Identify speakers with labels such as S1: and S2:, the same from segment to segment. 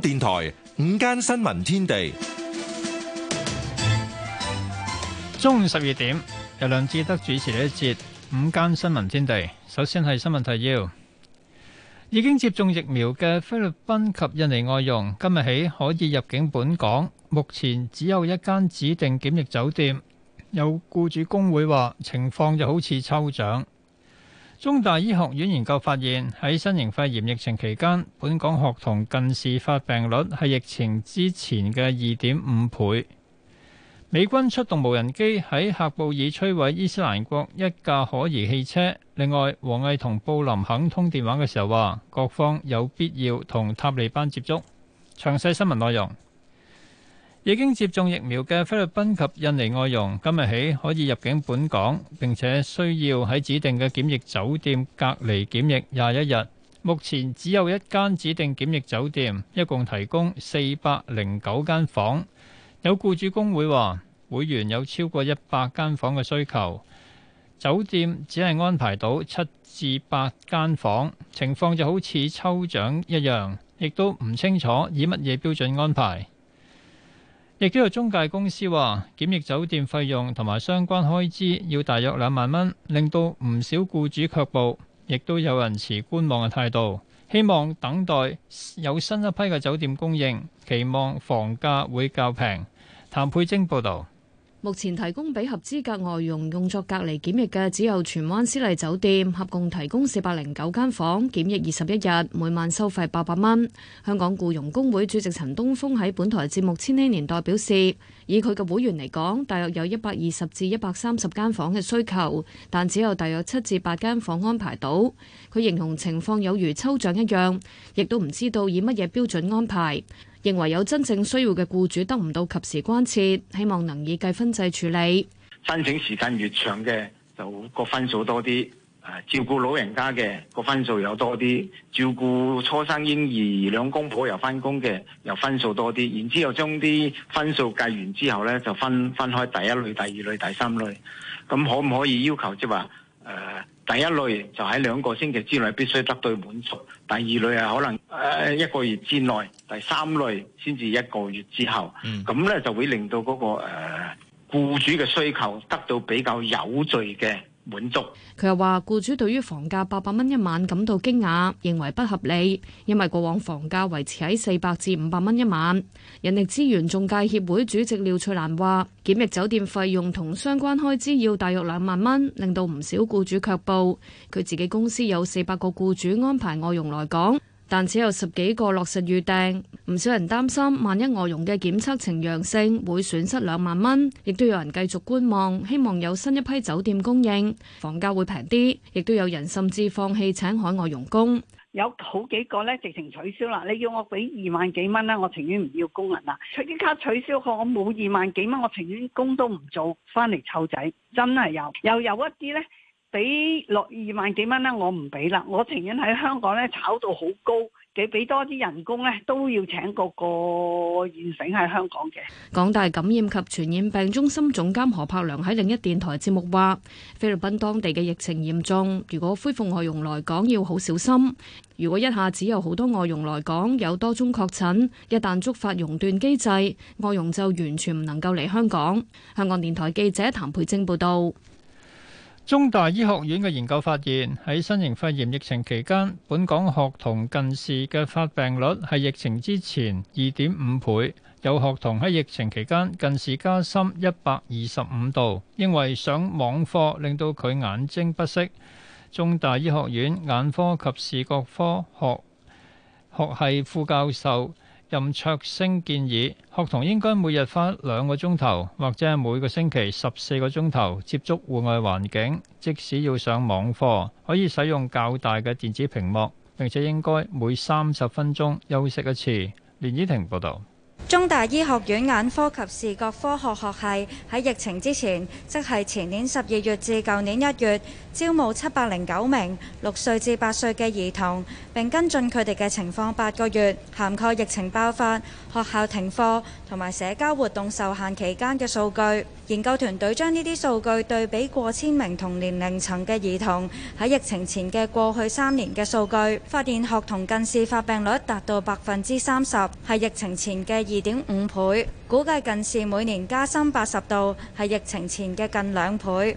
S1: 電台午間新聞
S2: 天地中午十二點，由梁志德主持呢一節午間新聞天地。首先係新聞提要：已經接種疫苗嘅菲律賓及印尼外傭今日起可以入境本港，目前只有一間指定檢疫酒店。有僱主公會話情況就好似抽獎。中大醫學院研究發現，喺新型肺炎疫情期間，本港學童近視發病率係疫情之前嘅二點五倍。美軍出動無人機喺喀布爾摧毀伊斯蘭國一架可疑汽車，另外，王毅同布林肯通電話嘅時候話，各方有必要同塔利班接觸，詳細新聞內容。已經接種疫苗嘅菲律賓及印尼外傭，今日起可以入境本港，並且需要喺指定嘅檢疫酒店隔離檢疫廿一日。目前只有一間指定檢疫酒店，一共提供四百零九間房。有僱主公會話，會員有超過一百間房嘅需求，酒店只係安排到七至八間房，情況就好似抽獎一樣，亦都唔清楚以乜嘢標準安排。亦都有中介公司話，檢疫酒店費用同埋相關開支要大約兩萬蚊，令到唔少僱主卻步，亦都有人持觀望嘅態度，希望等待有新一批嘅酒店供應，期望房價會較平。譚佩晶報道。
S3: 目前提供畀合資格外傭用作隔離檢疫嘅只有荃灣絲麗酒店，合共提供四百零九間房，檢疫二十一日，每晚收費八百蚊。香港僱傭工會主席陳東峯喺本台節目《千禧年代》表示，以佢嘅會員嚟講，大約有一百二十至一百三十間房嘅需求，但只有大約七至八間房安排到。佢形容情況有如抽獎一樣，亦都唔知道以乜嘢標準安排。認為有真正需要嘅僱主得唔到及時關切，希望能以計分制處理。
S2: 申請時間越
S4: 長嘅就個分數多啲，誒照顧老人家嘅個分數又多啲，照顧初生嬰兒兩公婆又返工嘅又分數多啲。然之後將啲分數計完之後咧，就分分開第一類、第二類、第三類。咁可唔可以要求即係話誒？呃第一類就喺兩個星期之內必須得到滿
S2: 足，第二類係可能、呃、一個月之內，第三類先至一個月之
S4: 後，咁呢就會令到嗰個、呃、僱主嘅需求得到比較有序嘅滿。
S3: 佢又話，他說僱主對於房價八百蚊一晚感到驚訝，認為不合理，因為過往房價維持喺四百至五百蚊一晚。人力資源中介協會主席廖翠蘭話，檢疫酒店費用同相關開支要大約兩萬蚊，令到唔少僱主卻步。佢自己公司有四百個僱主安排外傭來港。但只有十幾個落實預訂，唔少人擔心萬一外傭嘅檢測呈陽性會損，會損失兩萬蚊，亦都有人繼續觀望，希望有新一批酒店供應，房價會平啲，亦都有人甚至放棄請海外傭工，
S5: 有好幾個咧直情取消啦，你叫我俾二萬幾蚊，我情願唔要工人啦，即刻取消個，我冇二萬幾蚊，我情願工都唔做，翻嚟湊仔，真係有，又有一啲咧。俾落二萬幾蚊咧，我唔俾啦。我情願喺香港炒到好高，嘅俾多啲人工都要請個個現成喺香港嘅。
S3: 港大感染及傳染病中心總監何柏良喺另一電台節目話，菲律賓當地嘅疫情嚴重，如果恢復外傭來港，要好小心。如果一下子有好多外傭來港，有多宗確診，一旦觸發熔斷機制，外傭就完全唔能夠嚟香港。香港電台記者譚佩正報道。
S2: 中大醫學院嘅研究發現，喺新型肺炎疫情期間，本港學童近視嘅發病率係疫情之前二點五倍。有學童喺疫情期間近視加深一百二十五度，因為上網課令到佢眼睛不適，中大醫學院眼科及視覺科學學系副教授。任卓星建議學童應該每日花兩個鐘頭，或者每個星期十四個鐘頭接觸戶外環境。即使要上網課，可以使用較大嘅電子屏幕，並且應該每三十分鐘休息一次。連依婷報道。
S6: 中大醫學院眼科及視覺科學學系喺疫情之前，即係前年十二月至舊年一月，招募七百零九名六歲至八歲嘅兒童，並跟進佢哋嘅情況八個月，涵蓋疫情爆發、學校停課同埋社交活動受限期間嘅數據。研究團隊將呢啲數據對比過千名同年齡層嘅兒童喺疫情前嘅過去三年嘅數據，發現學童近視發病率達到百分之三十，係疫情前嘅二點五倍，估計近視每年加深八十度，係疫情前嘅近兩倍。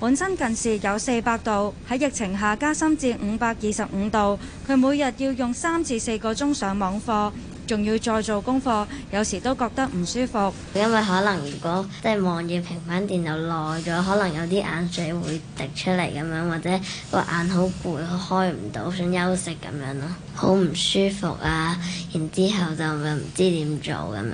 S6: 本身近視有四百度，喺疫情下加深至五百二十五度。佢每日要用三至四個鐘上網課，仲要再做功課，有時都覺得唔舒服。因為可能如果即係望住平板電腦耐咗，可能有
S7: 啲眼水會滴出嚟咁樣，或者個眼好攰，開唔到，想休息咁樣咯，好唔舒服啊！然之後就唔知點做咁樣。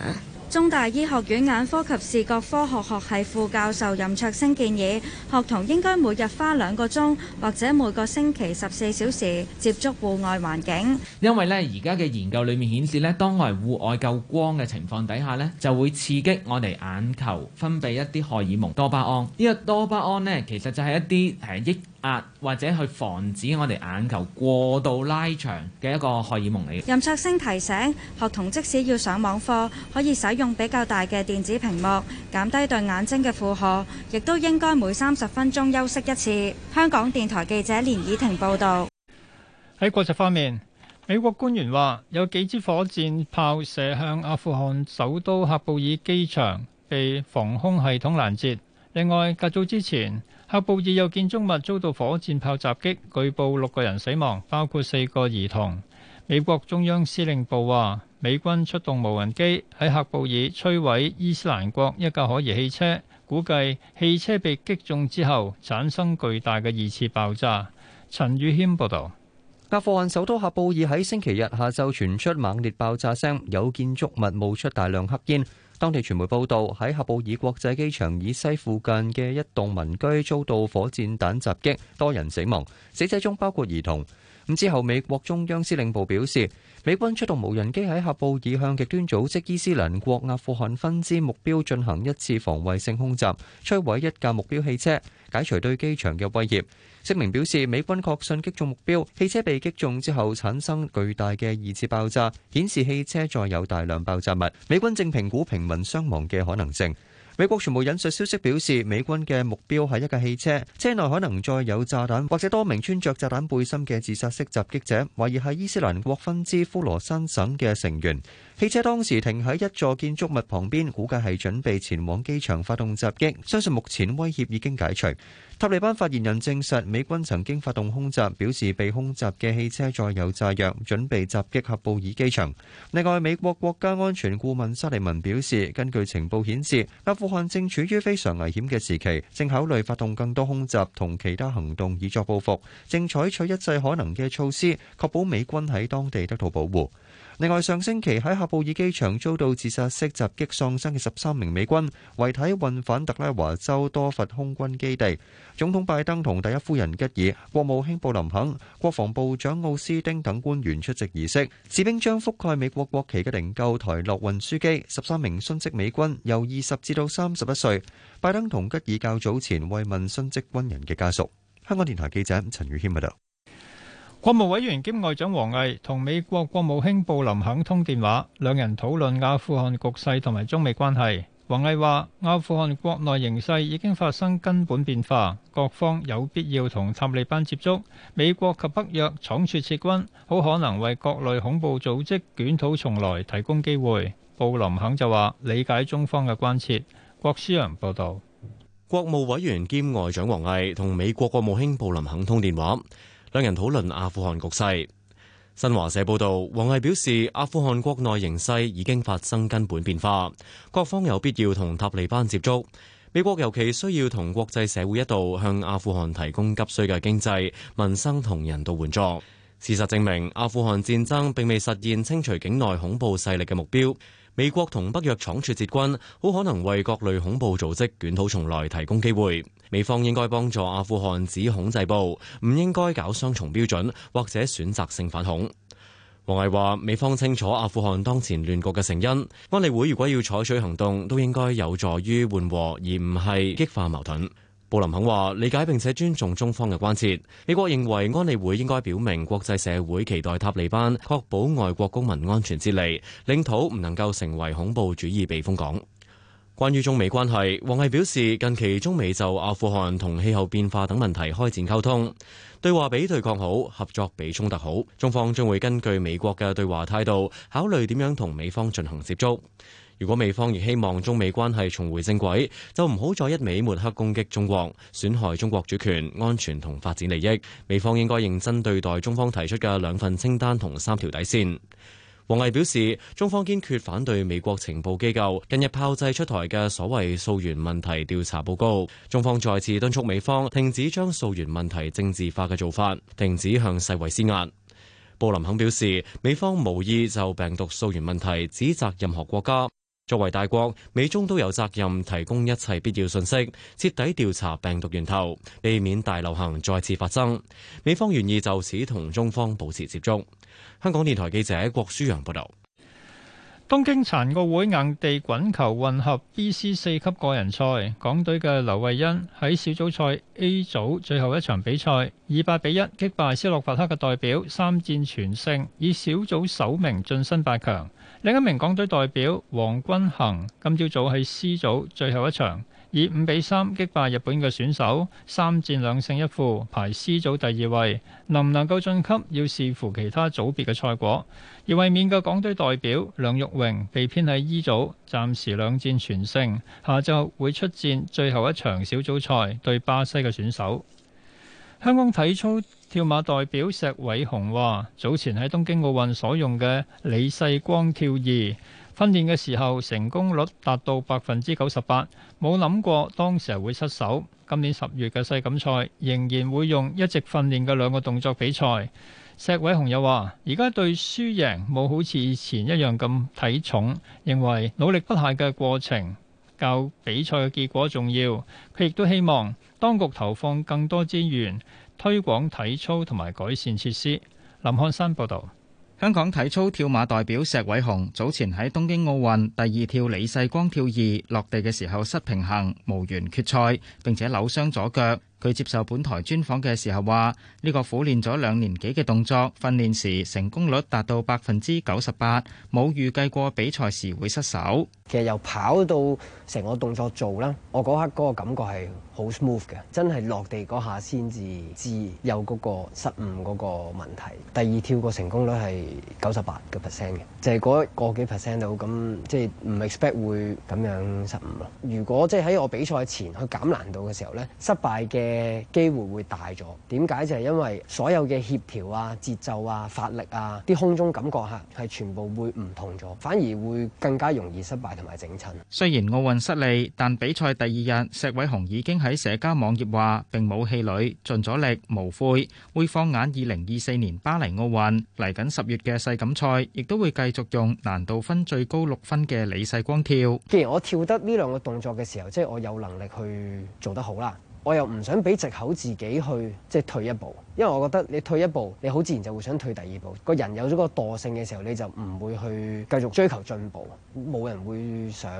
S6: 中大醫學院眼科及視覺科學學系副教授任卓升建議，學童應該每日花兩個鐘，或者每個星期十四小時接觸戶外環境。
S4: 因為咧，而家嘅研究裏面顯示咧，當係戶外夠光嘅情況底下咧，就會刺激我哋眼球分泌一啲荷爾蒙多巴胺。呢
S6: 個多巴胺
S4: 咧，其實就係一啲誒抑壓或者去防止我哋眼球過度拉長嘅一個荷爾蒙嚟嘅。
S6: 任卓升提醒學童，即使要上網課，可以使用。用比較大嘅電子屏幕，減低對眼睛嘅負荷，亦都應該每三十分鐘休息一次。香港電台記者連以婷報道。
S2: 喺國際方面，美國官員話有幾支火箭炮射向阿富汗首都喀布爾機場，被防空系統攔截。另外，隔早之前，喀布爾有建築物遭到火箭炮襲擊，據報六個人死亡，包括四個兒童。美國中央司令部話：美軍出動無人機喺喀布爾摧毀伊斯蘭國一架可疑汽車，估計汽車被擊中之後產生巨大嘅二次爆炸。陳宇謙報道：
S8: 阿富汗首都喀布爾喺星期日下晝傳出猛烈爆炸聲，有建築物冒出大量黑煙。當地傳媒報道喺喀布爾國際機場以西附近嘅一棟民居遭到火箭彈襲擊，多人死亡，死者中包括兒童。咁之後，美國中央司令部表示，美軍出動無人機喺喀布爾向極端組織伊斯蘭國阿富汗分支目標進行一次防衛性空襲，摧毀一架目標汽車，解除對機場嘅威脅。聲明表示，美軍確信擊中目標，汽車被擊中之後產生巨大嘅二次爆炸，顯示汽車載有大量爆炸物。美軍正評估平民傷亡嘅可能性。美國傳媒引述消息表示，美軍嘅目標係一架汽車，車內可能再有炸彈或者多名穿着炸彈背心嘅自殺式襲擊者，懷疑係伊斯蘭國分支呼羅珊省嘅成員。汽車當時停喺一座建築物旁邊，估計係準備前往機場發動襲擊。相信目前威脅已經解除。塔利班發言人證實美軍曾經發動空襲，表示被空襲嘅汽車載有炸藥，準備襲擊喀布爾機場。另外，美國國家安全顧問沙利文表示，根據情報顯示，阿富汗正處於非常危險嘅時期，正考慮發動更多空襲同其他行動以作報復，正採取一切可能嘅措施，確保美軍喺當地得到保護。另外，上星期喺喀布爾機場遭到自殺式襲擊喪生嘅十三名美軍遺體運返特拉華州多佛空軍基地。總統拜登同第一夫人吉爾、國務卿布林肯、國防部長奧斯丁等官員出席儀式。士兵將覆蓋美國國旗嘅靈柩台落運輸機，十三名殉職美軍由二十至到三十一歲。拜登同吉爾較早前慰問殉職軍人嘅家屬，香港電台記者陳宇謙報道。國務委員兼外
S2: 長王毅同美國國務卿布林肯通電話，兩人討論阿富汗局勢同埋中美關係。王毅話：阿富汗國內形勢已經發生根本變化，各方有必要同塔利班接觸。美國及北約倉促撤軍，好可能為各類恐怖組織捲土重來提供機會。布林肯就話：理解中方嘅關切。郭思陽報道。
S4: 國務委員兼外長王毅同美國國務卿布林肯通電話。兩人討論阿富汗局勢。新華社報道，王毅表示，阿富汗國內形勢已經發生根本變化，各方有必要同塔利班接觸。美國尤其需要同國際社會一道，向阿富汗提供急需嘅經濟、民生同人道援助。事實證明，阿富汗戰爭並未實現清除境內恐怖勢力嘅目標。美國同北約倉促撤軍，好可能為各類恐怖組織捲土重來提供機會。美方應該幫助阿富汗止恐制暴，唔應該搞雙重標準或者選擇性反恐。王毅話：美方清楚阿富汗當前亂局嘅成因，安理會如果要採取行動，都應該有助於緩和，而唔係激化矛盾。布林肯話：理解並且尊重中方嘅關切。美國認為安理會應該表明國際社會期待塔利班確保外國公民安全撤離，領土唔能夠成為恐怖主義避風港。關於中美關係，王毅表示，近期中美就阿富汗同氣候變化等問題開展溝通，對話比對抗好，合作比衝突好。中方將會根據美國嘅對話態度，考慮點樣同美方進行接觸。如果美方亦希望中美關係重回正軌，就唔好再一味抹黑攻擊中國，損害中國主權、安全同發展利益。美方應該認真對待中方提出嘅兩份清單同三條底線。王毅表示，中方堅決反對美國情報機構近日炮製出臺嘅所謂溯源問題調查報告。中方再次敦促美方停止將溯源問題政治化嘅做法，停止向世衛施壓。布林肯表示，美方無意就病毒溯源問題指責任何國家。作為大國，美中都有責任提供一切必要信息，徹底調查病毒源頭，避免大流行再次發生。美方願意就此同中方保持接觸。香港電台記者郭書陽報道。東京殘奧會硬地
S2: 滾球混合 B C 四級個人賽，港隊嘅劉慧欣喺小組賽 A 組最後一場比賽，以八比一擊敗斯洛伐克嘅代表，三戰全勝，以小組首名晉身八強。另一名港隊代表黃君衡今朝早喺 C 組最後一場以五比三擊敗日本嘅選手，三戰兩勝一負排 C 組第二位。能唔能夠晉級要視乎其他組別嘅賽果。而衛冕嘅港隊代表梁玉榮被編喺 E 組暫時兩戰全勝，下晝會出戰最後一場小組賽對巴西嘅選手。香港體操。跳馬代表石偉雄話，早前喺東京奧運所用嘅李世光跳二訓練嘅時候，成功率達到百分之九十八，冇諗過當時會失手。今年十月嘅世錦賽仍然會用一直訓練嘅兩個動作比賽。石偉雄又話，而家對輸贏冇好似以前一樣咁睇重，認為努力不懈嘅過程較比賽嘅結果重要。佢亦都希望當局投
S9: 放更多資源。推廣體
S2: 操同埋改善設施。林漢山報
S9: 道：香港體操跳馬代表石偉雄早前喺東京奧運第二跳李世光跳二落地嘅時候失平衡，無緣決賽，並且扭傷左腳。佢接受本台專訪嘅時候話：呢個苦練咗兩年幾嘅動作，訓練時成功率達到百分之九十八，冇預計過比賽時會失手。
S7: 其實由跑到成個動作做啦，我嗰刻嗰個感覺係好 smooth 嘅，真係落地嗰下先至知有嗰個失誤嗰個問題。第二跳個成功率係九十八個 percent 嘅，就係嗰個幾 percent 度咁，即係唔 expect 會咁樣失誤咯。如果即係喺我比賽前去減難度嘅時候咧，失敗嘅。嘅機會會大咗，點解就係因為所有嘅協調啊、節奏啊、發力啊、啲空中感覺吓係全部會唔同咗，反而會更加容易失敗同埋整親。
S9: 雖然奧運失利，但比賽第二日，石偉雄已經喺社交網頁話並冇氣餒，盡咗力無悔，會放眼二零二四年巴黎奧運。嚟緊十月嘅世錦賽，亦都會繼續用難度分最高六分嘅李世光跳。
S7: 既然我跳得呢兩個動作嘅時候，即係我有能力去做得好啦。我又唔想俾藉口自己去即係退一步，因為我覺得你退一步，你好自然就會想退第二步。個人有咗個惰性嘅時候，你就唔會去繼續追求進步。冇人會想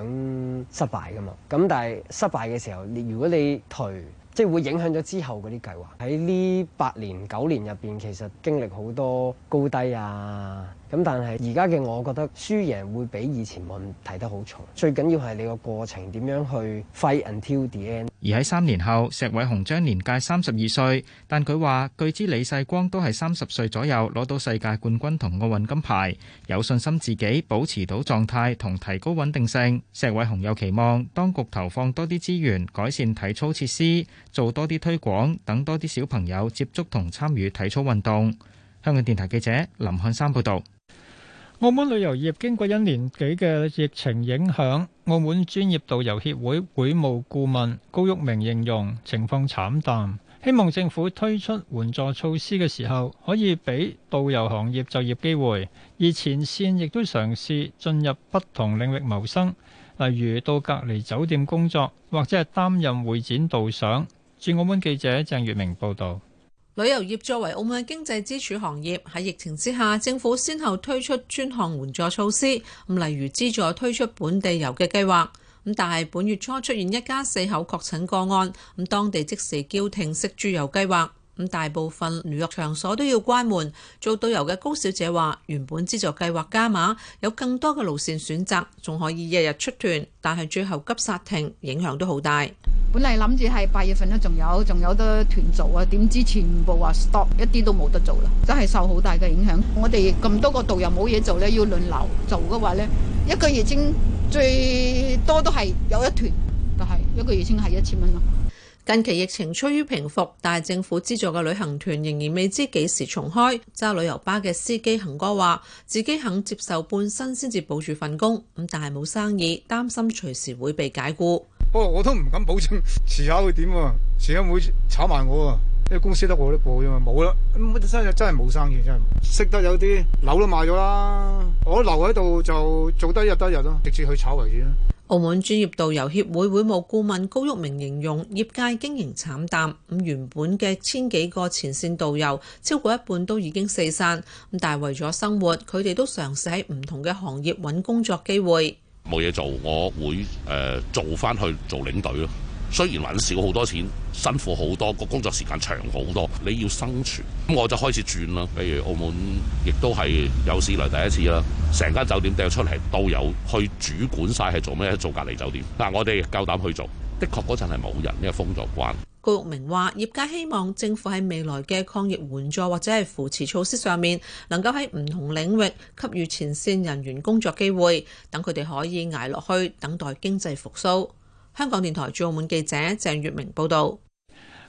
S7: 失敗噶嘛。咁但係失敗嘅時候，你如果你退，即係會影響咗之後嗰啲計劃。喺呢八年九年入面，其實經歷好多高低啊。咁，但係而家嘅我覺得輸贏會比以前運睇得好重。最緊要係你個過程點樣去 fight until the end。
S9: 而喺三年後，石偉雄將年屆三十二歲，但佢話據知李世光都係三十歲左右攞到世界冠軍同奧運金牌，有信心自己保持到狀態同提高穩定性。石偉雄又期望當局投放多啲資源改善體操設施，做多啲推廣，等多啲小朋友接觸同參與體操運動。香港電台記者林漢山報導。澳門旅
S2: 遊業經過一年幾嘅疫情影響，澳門專業導遊協會會務顧問高玉明形容情況慘淡，希望政府推出援助措施嘅時候，可以俾導遊行業就業機會。而前線亦都嘗試進入不同領域謀生，例如到隔離酒店工作，或者係擔任會展導賞。駐澳門記者鄭月明報道。
S5: 旅遊業作為澳門嘅經濟支柱行業，喺疫情之下，政府先後推出專項援助措施，例如資助推出本地遊嘅計劃。但係本月初出現一家四口確診個案，當地即時叫停食住遊計劃。咁大部分娛樂場所都要關門。做導遊嘅高小姐話：原本資助計劃加碼，有更多嘅路線選擇，仲可以日日出團，但係最後急煞停，影響都好大。本嚟諗住係八月份咧，仲有仲有得團做啊，點知全部話 stop，一啲都冇得做啦，真係受好大嘅影響。我哋咁多個導遊冇嘢做咧，要輪流做嘅話咧，一個月清最多都係有一團，就係一個月清係一千蚊咯。近期疫情趨於平復，但係政府資助嘅旅行團仍然未知幾時重開。揸旅遊巴嘅司機恆哥話：自己肯接受半薪先至保住份工，咁但係冇生意，擔心隨時會被解雇。我都唔敢保證遲下會點喎，遲下會炒埋我喎、啊，因為公司得我一個啫嘛，冇啦，真真係冇生意，真係識得有
S2: 啲樓都賣咗啦，我留喺度就做得一日得一日咯，直接去炒為止。
S5: 澳門專業導遊協會會務顧問高玉明形容，業界經營慘淡，咁原本嘅千幾個前線導遊，超過一半都已經四散，咁但係為咗生活，佢哋都嘗試喺唔同嘅行業揾工作機會。
S1: 冇嘢做，我
S8: 會誒做翻去做領隊咯。雖然揾少好多錢，辛苦好多，個工作時間長好多，你要生存咁我就開始轉啦。譬如澳門亦都係有史以嚟第一次啦，成間酒店掟出嚟，都有去主管晒係做咩？做隔離酒店嗱，但我哋夠膽去做，的確嗰陣係冇人，因為封咗關。
S5: 郭玉明話：業界希望政府喺未來嘅抗疫援助或者係扶持措施上面，能夠喺唔同領域給予前線人員工作機會，等佢哋可以捱落去，等待經濟復甦。香港電台駐澳門記者鄭月明報道。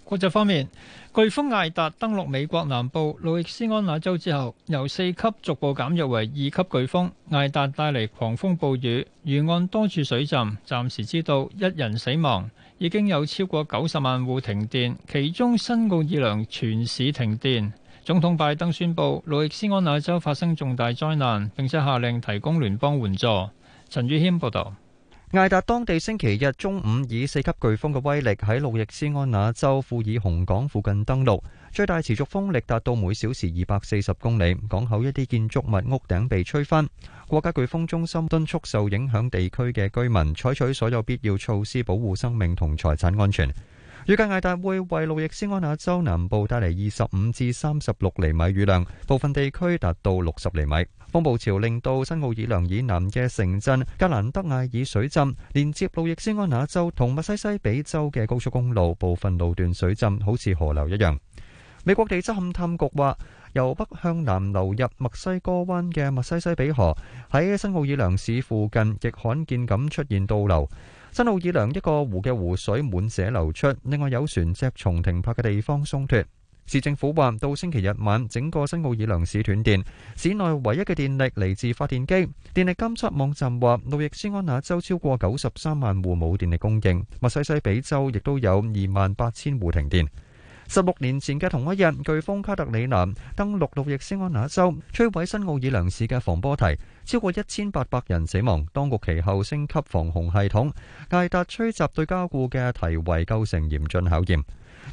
S2: 國際方面，颶風艾達登陸美國南部路易斯安那州之後，由四級逐步減弱為二級颶風。艾達帶嚟狂風暴雨，沿岸多處水浸，暫時知道一人死亡，已經有超過九十萬戶停電，其中新奧爾良全市停電。總統拜登宣布路易斯安那州發生重大災難，並且下令提供聯邦援助。陳宇謙報道。
S8: 艾達當地星期日中午以四級颶風嘅威力喺路易斯安那州富爾洪港附近登陸，最大持續風力達到每小時二百四十公里，港口一啲建築物屋頂被吹翻。國家颶風中心敦促受影響地區嘅居民採取所有必要措施保護生命同財產安全。預計艾達會為路易斯安那州南部帶嚟二十五至三十六厘米雨量，部分地區達到六十厘米。風暴潮令到新奧爾良以南嘅城鎮格蘭德艾爾水浸，連接路易斯安那州同密西西比州嘅高速公路部分路段水浸，好似河流一樣。美國地質勘探局話，由北向南流入墨西哥灣嘅密西西比河喺新奧爾良市附近亦罕見咁出現倒流。新奧爾良一個湖嘅湖水滿瀉流出，另外有船隻從停泊嘅地方鬆脱。市政府話，到星期日晚，整個新奧爾良市斷電，市內唯一嘅電力嚟自發電機。電力監測網站話，路易斯安那州超過九十三萬戶冇電力供應，密西西比州亦都有二萬八千戶停電。十六年前嘅同一日，颶風卡特里娜登陸路易斯安那州，摧毀新奧爾良市嘅防波堤，超過一千八百人死亡。當局其後升級防洪系統，艾達吹襲對加固嘅堤圍構成嚴峻考驗。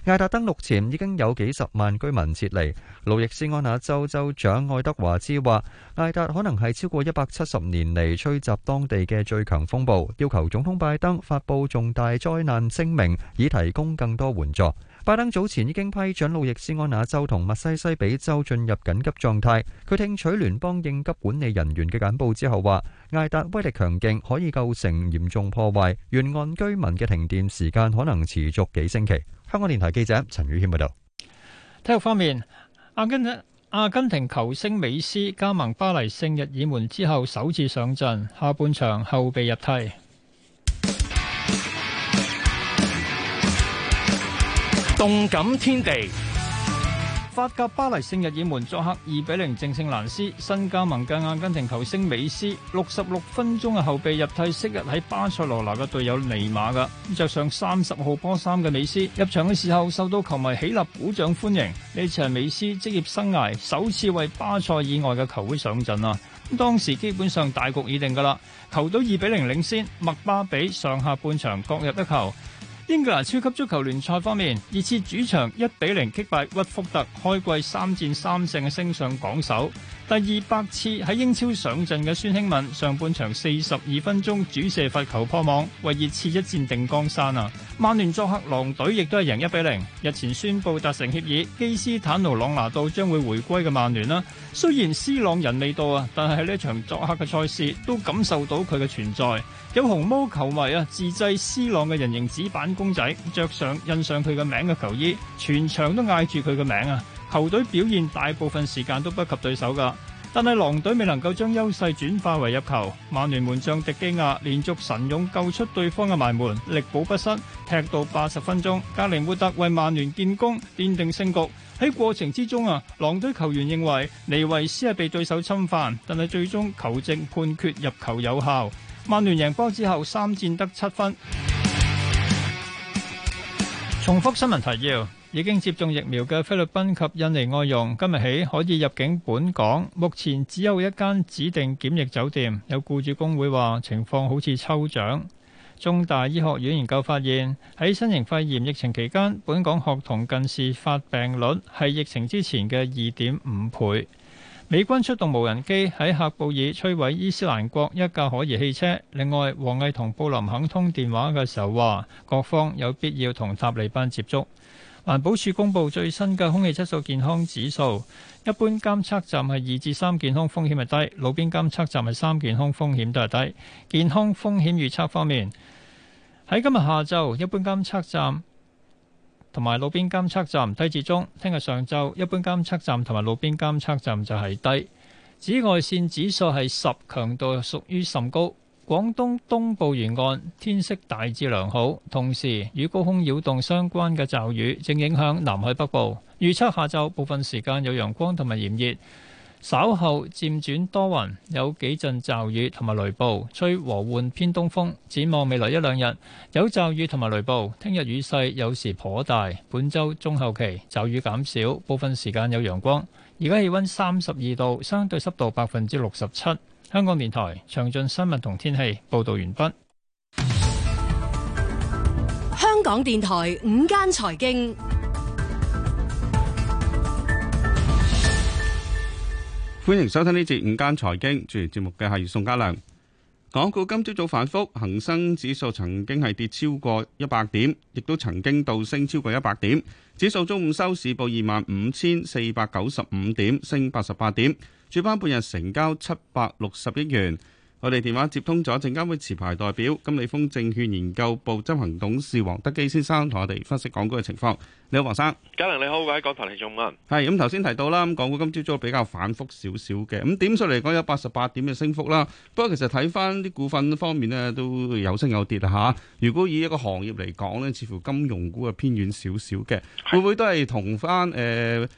S8: 艾達登陸前已經有幾十萬居民撤離。路易斯安那州州長愛德華茲話：艾達可能係超過一百七十年嚟吹襲當地嘅最強風暴，要求總統拜登發佈重大災難聲明，以提供更多援助。拜登早前已經批准路易斯安那州同密西西比州進入緊急狀態。佢聽取聯邦應急管理人員嘅簡報之後話，艾達威力強勁，可以構成嚴重破壞，沿岸居民嘅停電時間可能持續幾星期。香港電台記者陳宇軒報導。
S2: 體育方面，阿根廷阿根廷球星美斯加盟巴黎聖日耳門之後首次上陣，下半場後備入替。動感天地，法甲，巴黎聖日耳門作客二比零正勝蘭斯，新加盟嘅阿根廷球星美斯，六十六分鐘嘅後備入替，昔日喺巴塞羅那嘅隊友尼馬噶，咁着上三十號波衫嘅美斯，入場嘅時候受到球迷起立鼓掌歡迎，呢次係美斯職業生涯首次為巴塞以外嘅球會上陣啊。當時基本上大局已定噶啦，球隊二比零領先，麥巴比上下半場各入一球。英格蘭超級足球聯賽方面，熱刺主場一比零擊敗屈福特，開季三戰三勝嘅升上榜首。第二百次喺英超上陣嘅孫興民，上半場四十二分鐘主射罰球破網，為熱刺一戰定江山啊！曼聯作客狼隊亦都係贏一比零。日前宣布達成協議，基斯坦奴·朗拿度將會回歸嘅曼聯啦。雖然斯朗人未到啊，但係喺呢場作客嘅賽事都感受到佢嘅存在。有紅毛球迷啊，自製斯朗嘅人形紙板公仔，着上印上佢嘅名嘅球衣，全場都嗌住佢嘅名啊！球隊表現大部分時間都不及對手噶但係狼隊未能夠將優勢轉化為入球。曼聯門將迪基亞連續神勇救出對方嘅埋門，力保不失，踢到八十分鐘。格陵活特為曼聯建功，奠定勝局。喺過程之中啊，狼隊球員認為尼維斯係被對手侵犯，但係最終球證判決入球有效。曼聯贏波之後，三戰得七分。重複新聞提要。已經接種疫苗嘅菲律賓及印尼外傭今日起可以入境本港。目前只有一間指定檢疫酒店。有僱主工會話情況好似抽獎。中大醫學院研究發現，喺新型肺炎疫情期間，本港學童近視發病率係疫情之前嘅二點五倍。美軍出動無人機喺喀布爾摧毀伊斯蘭國一架可疑汽車。另外，王毅同布林肯通電話嘅時候話，各方有必要同塔利班接觸。環保署公布最新嘅空氣質素健康指數，一般監測站係二至三，健康風險係低；路邊監測站係三，健康風險都係低。健康風險預測方面，喺今日下晝，一般監測站同埋路邊監測站低至中；聽日上晝，一般監測站同埋路邊監測站就係低。紫外線指數係十，強度屬於甚高。廣東東部沿岸天色大致良好，同時與高空擾動相關嘅驟雨正影響南海北部。預測下晝部分時間有陽光同埋炎熱，稍後漸轉多雲，有幾陣驟雨同埋雷暴，吹和緩偏東風。展望未來一兩日有驟雨同埋雷暴，聽日雨勢有時頗大。本周中後期驟雨減少，部分時間有陽光。而家氣溫三十二度，相對濕度百分之六十七。香港電台詳盡新聞同天氣報道完畢。
S3: 香港電台午間財經，
S10: 歡迎收聽呢節午間財經。主持節目嘅係宋家良。港股今朝早反復，恒生指數曾經係跌超過一百點，亦都曾經倒升超過一百點。指數中午收市報二萬五千四百九十五點，升八十八點。主板半日成交七百六十億元，我哋電話接通咗證監會持牌代表金利豐證券研究部執行董事黃德基先生，同我哋分析港股嘅情況。你好，黃生，
S1: 嘉玲，你好，各位港台嚟眾啊，
S10: 係咁頭先提到啦，咁港股今朝早比較反覆少少嘅，咁點數嚟講有八十八點嘅升幅啦。不過其實睇翻啲股份方面呢，都有升有跌吓。如果以一個行業嚟講呢，似乎金融股係偏軟少少嘅，的會唔會都係同翻誒？呃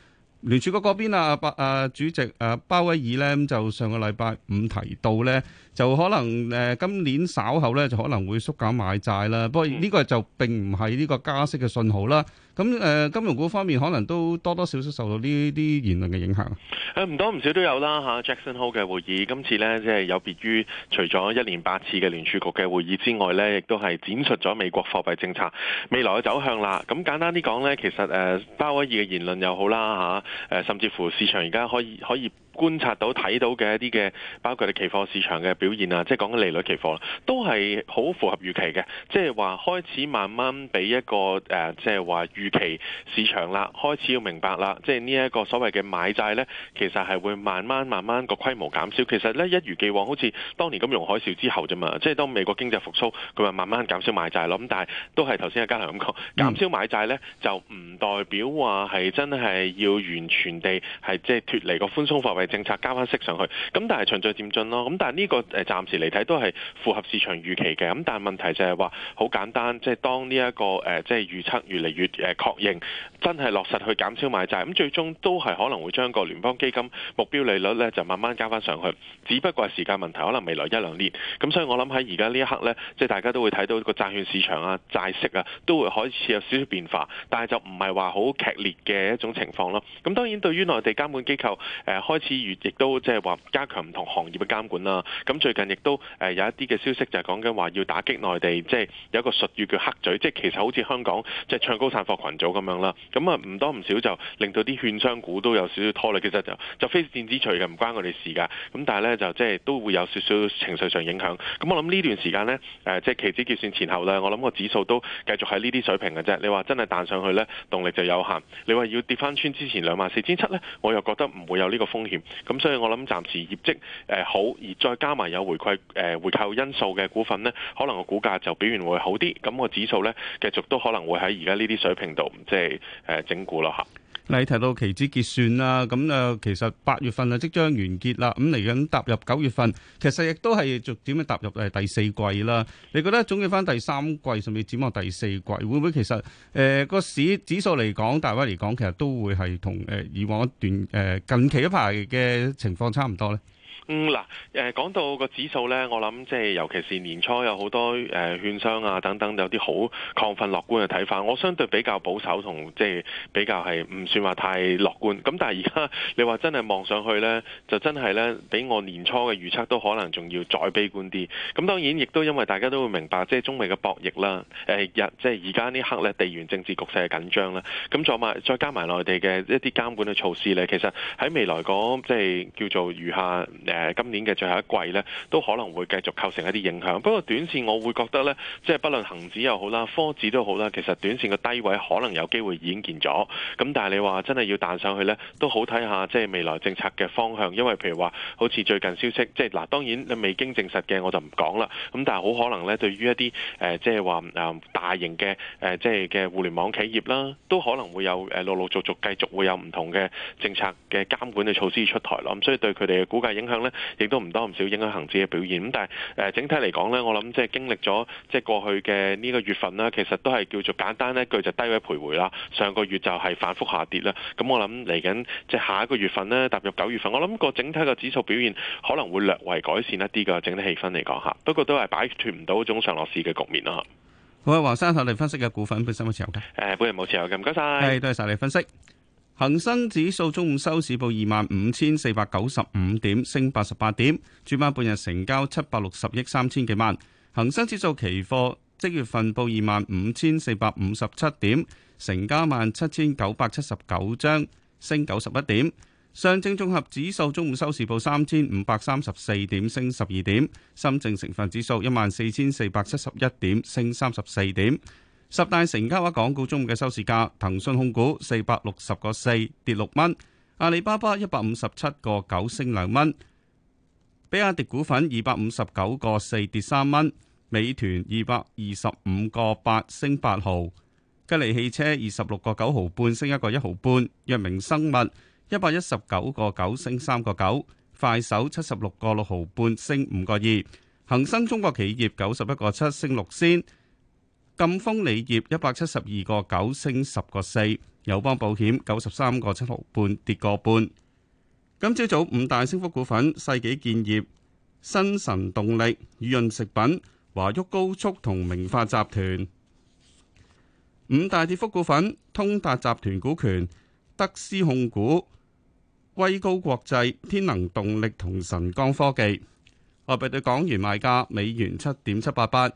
S10: 聯儲局嗰邊啊，包啊主席啊，鮑威爾咧咁就上個禮拜五提到咧，就可能誒、呃、今年稍後咧就可能會縮減買債啦。不過呢個就並唔係呢個加息嘅信號啦。咁誒、呃、金融股方面，可能都多多少少受到呢啲言論嘅影響，
S1: 唔、啊、多唔少都有啦吓、啊、Jackson Hole 嘅會議今次咧，即、就、係、是、有別於除咗一年八次嘅聯儲局嘅會議之外咧，亦都係展述咗美國貨幣政策未來嘅走向啦。咁簡單啲講咧，其實誒、啊、鮑威爾嘅言論又好啦吓、啊啊，甚至乎市場而家可以可以。可以觀察到睇到嘅一啲嘅，包括啲期貨市場嘅表現啊，即係講緊利率期貨啦，都係好符合預期嘅，即係話開始慢慢俾一個、呃、即係話預期市場啦，開始要明白啦，即係呢一個所謂嘅買債呢，其實係會慢慢慢慢個規模減少。其實呢，一如既往，好似當年金融海嘯之後啫嘛，即係當美國經濟復甦，佢話慢慢減少買債咯。咁但係都係頭先阿嘉良咁講，減少買債呢，就唔代表話係真係要完全地係即係脫離個寬鬆貨政策加翻息上去，咁但係循序漸進咯。咁但係呢個暫時嚟睇都係符合市場預期嘅。咁但係問題就係話好簡單，即係當呢一個即係預測越嚟越確認，真係落實去減少買債，咁最終都係可能會將個聯邦基金目標利率咧就慢慢加翻上去。只不過係時間問題，可能未來一兩年。咁所以我諗喺而家呢一刻呢，即係大家都會睇到個債券市場啊、債息啊都會開始有少少變化，但係就唔係話好劇烈嘅一種情況咯。咁當然對於內地監管機構開始。亦都即係話加強唔同行業嘅監管啦。咁最近亦都誒有一啲嘅消息就係講緊話要打擊內地，即係有一個術語叫黑嘴。即係其實好似香港即係唱高散貨群組咁樣啦。咁啊唔多唔少就令到啲券商股都有少少拖累。其實就就非戰之罪嘅，唔關我哋事㗎。咁但係呢，就即係都會有少少情緒上影響。咁我諗呢段時間呢，誒即係期指結算前後呢，我諗個指數都繼續喺呢啲水平嘅啫。你話真係彈上去呢，動力就有限。你話要跌返穿之前兩萬四千七呢，我又覺得唔會有呢個風險。咁所以我諗暫時業績誒好，而再加埋有回饋誒回購因素嘅股份呢，可能個股價就表現會好啲。咁個指數呢，繼續都可能會喺而家呢啲水平度，即係誒整固咯吓。
S10: 你提到期指結算啦，咁啊，其實八月份啊即將完結啦，咁嚟緊踏入九月份，其實亦都係逐漸嘅踏入第四季啦。你覺得總結返第三季甚至展望第四季，會唔會其實誒、呃那個市指數嚟講，大位嚟講，其實都會係同以往一段近期一排嘅情況差唔多咧？
S1: 嗯，嗱，誒講到個指數咧，我諗即係尤其是年初有好多誒券商啊等等有啲好亢奮樂觀嘅睇法，我相對比較保守同即係比較係唔算話太樂觀。咁但係而家你話真係望上去咧，就真係咧比我年初嘅預測都可能仲要再悲觀啲。咁當然亦都因為大家都會明白，即係中美嘅博弈啦，誒日即係而家呢刻咧地緣政治局勢嘅緊張啦。咁再埋再加埋內地嘅一啲監管嘅措施咧，其實喺未來講即係叫做餘下。誒今年嘅最後一季呢都可能會繼續構成一啲影響。不過短線我會覺得呢，即係不論恒指又好啦，科指都好啦，其實短線嘅低位可能有機會已經見咗。咁但係你話真係要彈上去呢，都好睇下即係未來政策嘅方向。因為譬如話，好似最近消息，即係嗱，當然你未經證實嘅我就唔講啦。咁但係好可能呢，對於一啲即係話大型嘅即係嘅互聯網企業啦，都可能會有誒陸陸續續繼續會有唔同嘅政策嘅監管嘅措施出台咯。咁所以對佢哋嘅估計影響。亦都唔多唔少影響恒指嘅表現，咁但係誒整體嚟講呢，我諗即係經歷咗即係過去嘅呢個月份啦，其實都係叫做簡單咧句就低位徘徊啦。上個月就係反覆下跌啦，咁我諗嚟緊即係下一、就是、個月份呢，踏入九月份，我諗個整體個指數表現可能會略為改善一啲噶，整體氣氛嚟講嚇，不過都係擺脫唔到一種上落市嘅局面咯。好
S10: 啊，黃生，睇嚟分析嘅股份本身有冇持有
S1: 嘅？誒，本人冇持有嘅，唔該
S10: 晒，誒，hey, 多謝曬你分析。恒生指數中午收市報二萬五千四百九十五點，升八十八點。主板半日成交七百六十億三千幾萬。恒生指數期貨即月份報二萬五千四百五十七點，成交萬七千九百七十九張，升九十一點。上證綜合指數中午收市報三千五百三十四點，升十二點。深證成分指數一萬四千四百七十一點，升三十四點。十大成交額港股中午嘅收市價：騰訊控股四百六十個四跌六蚊，阿里巴巴一百五十七個九升兩蚊，比亞迪股份二百五十九個四跌三蚊，美團二百二十五個八升八毫，吉利汽車二十六個九毫半升一個一毫半，藥明生物一百一十九個九升三個九，快手七十六個六毫半升五個二，恒生中國企業九十一個七升六先。贛鋒鋰業一百七十二個九升十個四，友邦保險九十三個七六半跌個半。今朝早,早五大升幅股份：世紀建業、新晨動力、雨潤食品、華旭高速同明發集團。五大跌幅股份：通達集團股權、德斯控股、威高國際、天能動力同神光科技。外幣對港元賣價：美元七點七八八。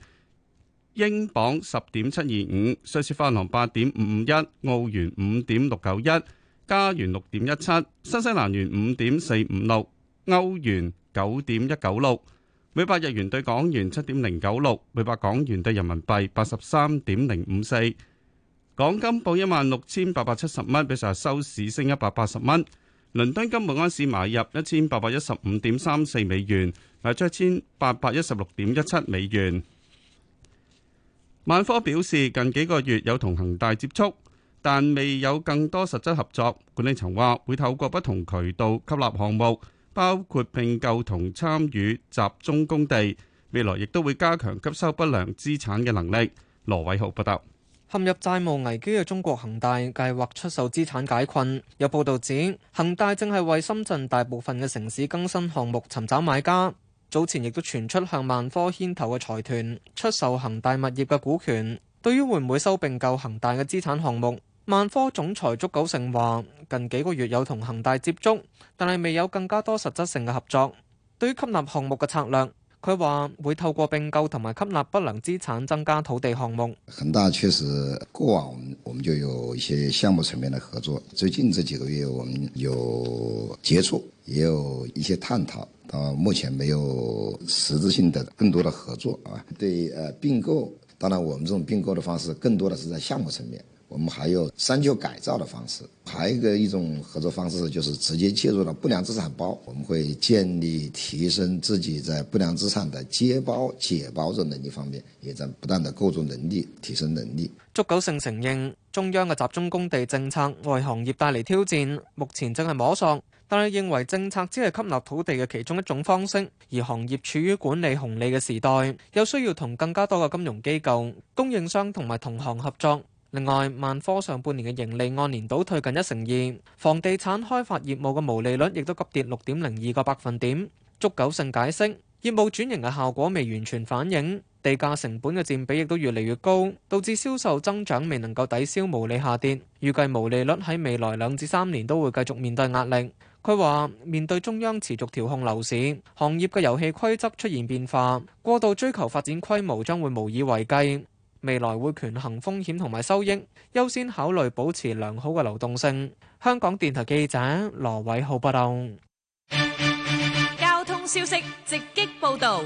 S10: 英鎊十點七二五，瑞士法郎八點五五一，澳元五點六九一，加元六點一七，新西蘭元五點四五六，歐元九點一九六，每百日元對港元七點零九六，每百港元對人民幣八十三點零五四。港金報一萬六千八百七十蚊，比上日收市升一百八十蚊。倫敦金每盎司買入一千八百一十五點三四美元，賣出一千八百一十六點一七美元。萬科表示，近幾個月有同恒大接觸，但未有更多實質合作。管理層話會透過不同渠道吸納項目，包括並購同參與集中供地。未來亦都會加強吸收不良資產嘅能力。羅偉浩報道。陷入債務危機嘅中國恒大計劃
S11: 出售資產解困。有報道指，恒大正係為深圳大部分嘅城市更新項目尋找買家。早前亦都傳出向萬科牽頭嘅財團出售恒大物業嘅股權。對於會唔會收併購恒大嘅資產項目，萬科總裁祝九成話：近幾個月有同恒大接觸，但係未有更加多實質性嘅合作。對於吸納項目嘅策略。佢話會透過並購同埋吸納不良資產，增加土地項目。
S2: 恒大確實，過往我們就有一些項目層面的合作，最近這幾個月，我們有接觸，也有一些探討，到目前沒有實質性的更多的合作啊。對，呃，並購，當然我們這種並購的方式，更多的是在項目層面。我們還有三舊改造的方式，還有一個一種合作方式，就是直接介入到不良資產包。我們會建立提升自己在不良資產的接包解包的能力方面，也在不斷的構築能力提升能力。
S11: 祝九勝承認中央嘅集中供地政策為行業帶嚟挑戰，目前正系摸索，但係認為政策只係吸納土地嘅其中一種方式，而行業處於管理紅利嘅時代，又需要同更加多嘅金融機構、供應商同埋同行合作。另外，萬科上半年嘅盈利按年倒退近一成二，房地產開發業務嘅毛利率亦都急跌六點零二個百分點。祝九勝解釋，業務轉型嘅效果未完全反映，地價成本嘅佔比亦都越嚟越高，導致銷售增長未能夠抵消毛利下跌。預計毛利率喺未來兩至三年都會繼續面對壓力。佢話，面對中央持續調控樓市，行業嘅遊戲規則出現變化，過度追求發展規模將會無以為繼。未來會權衡風險同埋收益，優先考慮保持良好嘅流動性。香港電台記者羅偉浩報道。不動
S3: 交通消息直擊報道。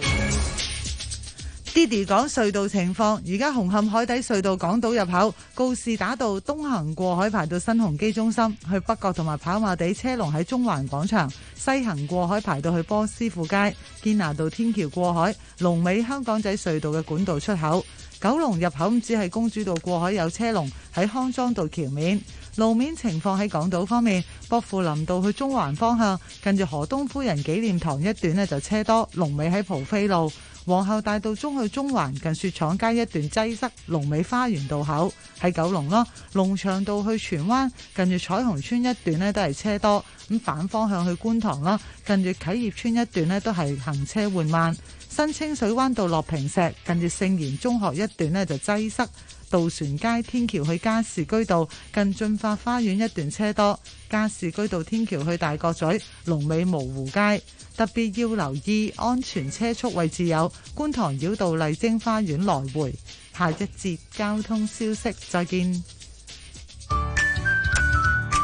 S12: Didi 講隧道情況，而家紅磡海底隧道港島入口告士打道東行過海排到新鴻基中心，去北角同埋跑馬地車龍喺中環廣場；西行過海排到去波斯富街、堅拿道天橋過海、龍尾香港仔隧道嘅管道出口。九龍入口只係公主道過海有車龍喺康莊道橋面。路面情況喺港島方面，薄扶林道去中環方向，近住河東夫人紀念堂一段呢，就車多，龍尾喺蒲飛路。皇后大道中去中環近雪廠街一段擠塞，龍尾花園道口喺九龍咯。龍翔道去荃灣近住彩虹村一段呢都係車多，咁反方向去觀塘啦，近住啟業村一段呢都係行車緩慢。新清水灣道落坪石近住聖言中學一段呢就擠塞。渡船街天橋去加士居道近駿發花園一段車多，加士居道天橋去大角咀龍尾蕪湖街，特別要留意安全車速位置有觀塘繞道麗晶花園來回。下一節交通消息再見。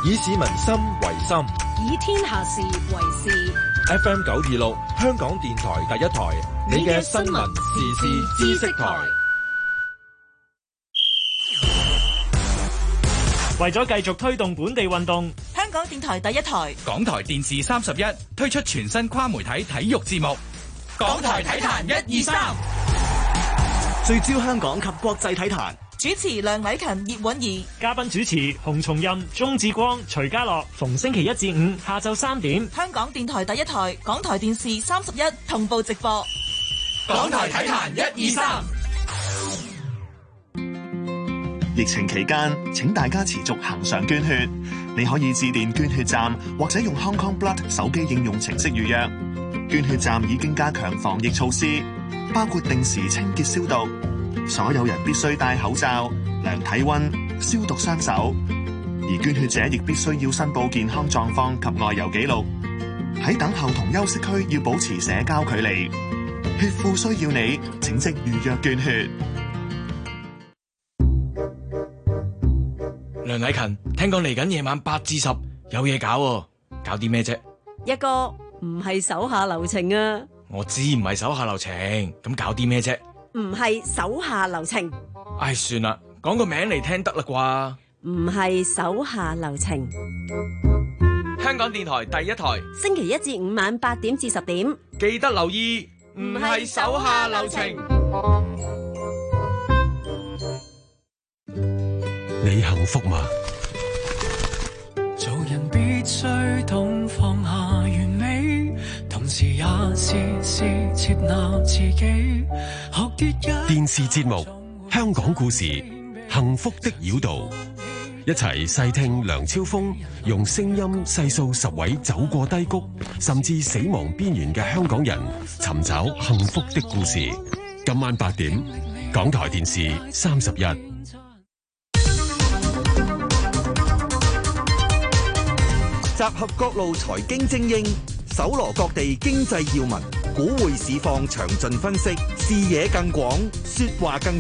S1: 以市民心為心，
S5: 以天下事為事。
S1: F M 九二六香港電台第一台，你嘅新聞時事知識台。為咗繼續推
S11: 動本地運動，
S3: 香港電台第一台、
S4: 港台電視三十一推出全新跨媒體體育節目《
S11: 港台體壇》一二三，
S4: 聚焦香港及國際體壇。主持梁麗勤、葉允兒，嘉賓主持洪松任、鍾志光、徐家樂。逢星期一至五下晝三點，
S3: 香港電台第一台、港台
S5: 電視三十一同步直播《港台體壇》一二三。
S1: 疫情期間，請大家持續恆常捐血。你可以致電捐血站，或者用 Hong Kong Blood 手機應用程式預約。捐血站已經加強防疫措施，包括定時清潔消毒，所有人必須戴口罩、量體溫、消毒雙手。而捐血者亦必須要申報健康狀況及外遊記錄。喺等候同休息區要保持社交距離。血庫需要你，請即預約捐血。李勤，聽講嚟
S4: 緊夜晚八至十有嘢搞、哦，搞啲咩啫？
S5: 一個唔係手下留情啊！
S4: 我知唔係手下留情，咁搞啲咩啫？
S5: 唔係手下留情。
S4: 唉、哎，算啦，講個名嚟聽得啦啩？
S5: 唔係手下留情。
S4: 香港電台第一台，
S5: 星期一至五晚八點至十點，
S4: 記得留意。唔係手下留情。
S1: 你幸福嗎？
S7: 做人必須懂放下完美，同時也是接納自己。電視節目
S1: 《香港故事：幸福的繞道》，一齊細聽梁超峰用聲音細數十位走過低谷甚至死亡邊緣嘅香港人，尋找幸福的故事。今晚八點，港台電視三十一。
S10: 集合各路財經精英，搜羅各地經
S12: 濟要聞，股匯市況詳盡分析，視野更廣，說話更。